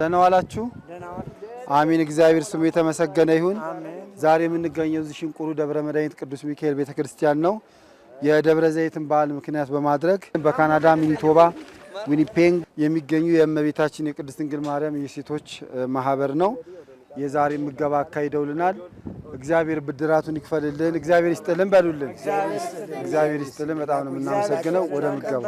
ደህና ዋላችሁ። አሚን። እግዚአብሔር ስሙ የተመሰገነ ይሁን። ዛሬ የምንገኘው እዚህ ሽንቁሩ ደብረ መድኃኒት ቅዱስ ሚካኤል ቤተ ክርስቲያን ነው። የደብረ ዘይትን በዓል ምክንያት በማድረግ በካናዳ ሚኒቶባ ዊኒፔንግ የሚገኙ የእመቤታችን የቅድስት ድንግል ማርያም የሴቶች ማህበር ነው የዛሬ ምገባ አካሂደውልናል። እግዚአብሔር ብድራቱን ይክፈልልን፣ እግዚአብሔር ይስጥልን በሉልን። እግዚአብሔር ይስጥልን። በጣም ነው የምናመሰግነው። ወደ ምገባ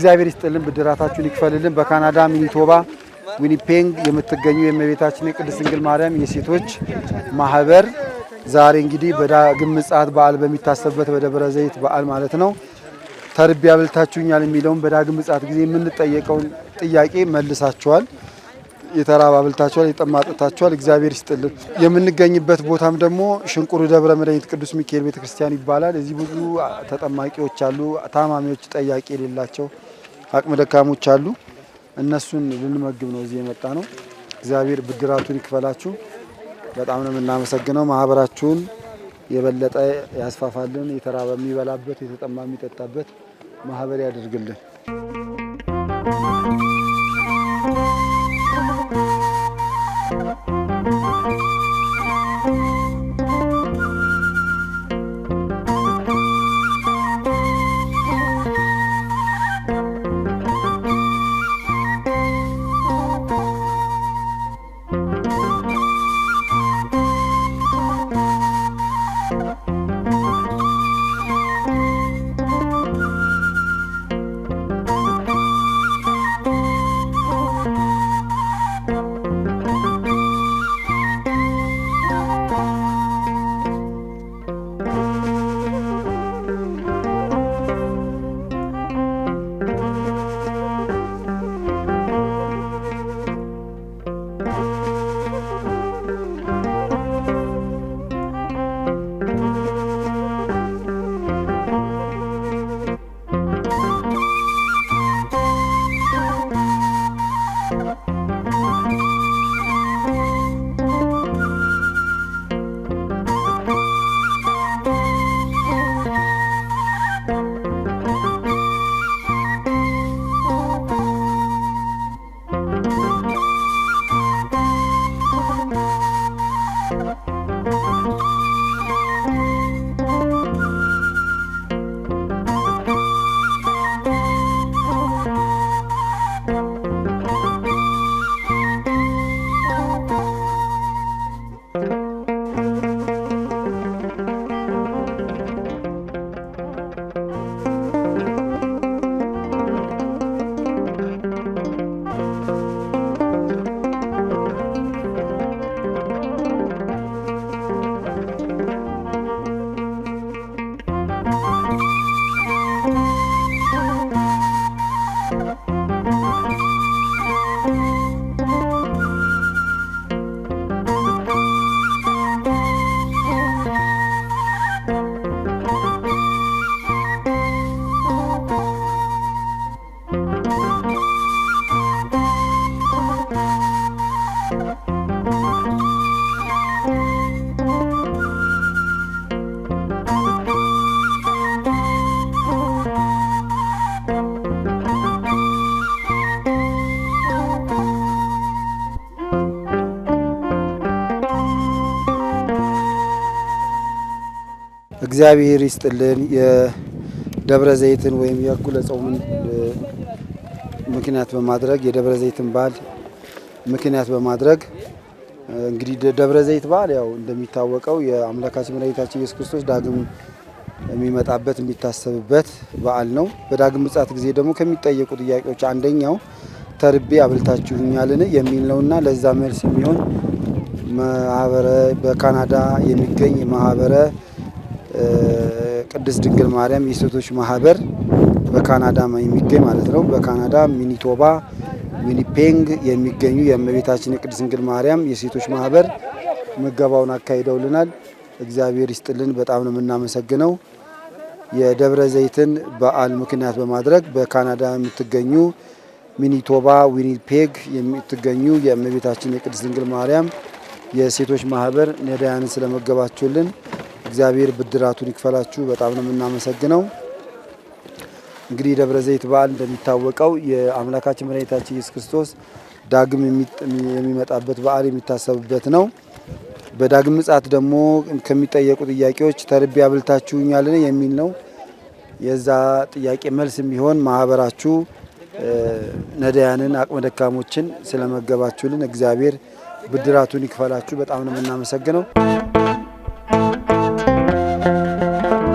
እግዚአብሔር ይስጥልን፣ ብድራታችሁን ይክፈልልን። በካናዳ ሚኒቶባ ዊኒፔንግ የምትገኙ የእመቤታችን የቅድስት ድንግል ማርያም የሴቶች ማህበር ዛሬ እንግዲህ በዳግም ምጽአት በዓል በሚታሰብበት በደብረ ዘይት በዓል ማለት ነው ተርቢያ ብልታችሁኛል የሚለውን በዳግም ምጽአት ጊዜ የምንጠየቀውን ጥያቄ መልሳችኋል። የተራበ አብልታችኋል፣ የጠማ እግዚአብሔር ይስጥልን። የምንገኝበት ቦታም ደግሞ ሽንቁሩ ደብረ መድኃኒት ቅዱስ ሚካኤል ቤተክርስቲያን ይባላል። እዚህ ብዙ ተጠማቂዎች አሉ፣ ታማሚዎች፣ ጠያቂ የሌላቸው አቅመ ደካሞች አሉ። እነሱን ልንመግብ ነው እዚህ የመጣ ነው። እግዚአብሔር ብድራቱን ይክፈላችሁ። በጣም ነው የምናመሰግነው። ማህበራችሁን የበለጠ ያስፋፋልን፣ የተራበ የሚበላበት፣ የተጠማ የሚጠጣበት ማህበር ያደርግልን። Thank you. እግዚአብሔር ይስጥልን። የደብረ ዘይትን ወይም የእኩለ ጾምን ምክንያት በማድረግ የደብረ ዘይትን በዓል ምክንያት በማድረግ እንግዲህ ደብረ ዘይት በዓል ያው እንደሚታወቀው የአምላካችን መድኃኒታችን ኢየሱስ ክርስቶስ ዳግም የሚመጣበት የሚታሰብበት በዓል ነው። በዳግም ምጽአት ጊዜ ደግሞ ከሚጠየቁ ጥያቄዎች አንደኛው ተርቤ አብልታችሁኛልን የሚል ነውና ለዛ መልስ የሚሆን ማህበረ በካናዳ የሚገኝ ማህበረ ቅድስት ድንግል ማርያም የሴቶች ማህበር በካናዳ የሚገኝ ማለት ነው። በካናዳ ሚኒቶባ ዊኒፔግ የሚገኙ የእመቤታችን የቅድስት ድንግል ማርያም የሴቶች ማህበር ምገባውን አካሂደውልናል። እግዚአብሔር ይስጥልን። በጣም ነው የምናመሰግነው። የደብረ ዘይትን በዓል ምክንያት በማድረግ በካናዳ የምትገኙ ሚኒቶባ ዊኒፔግ የምትገኙ የእመቤታችን የቅድስት ድንግል ማርያም የሴቶች ማህበር ነዳያንን ስለመገባችሁልን እግዚአብሔር ብድራቱን ይክፈላችሁ። በጣም ነው የምናመሰግነው። እንግዲህ ደብረ ዘይት በዓል እንደሚታወቀው የአምላካችን መድኃኒታችን ኢየሱስ ክርስቶስ ዳግም የሚመጣበት በዓል የሚታሰብበት ነው። በዳግም ምጽአት ደግሞ ከሚጠየቁ ጥያቄዎች ተርቤ አብልታችሁኛልን የሚል ነው። የዛ ጥያቄ መልስ የሚሆን ማህበራችሁ ነዳያንን፣ አቅመ ደካሞችን ስለመገባችሁልን እግዚአብሔር ብድራቱን ይክፈላችሁ። በጣም ነው የምናመሰግነው።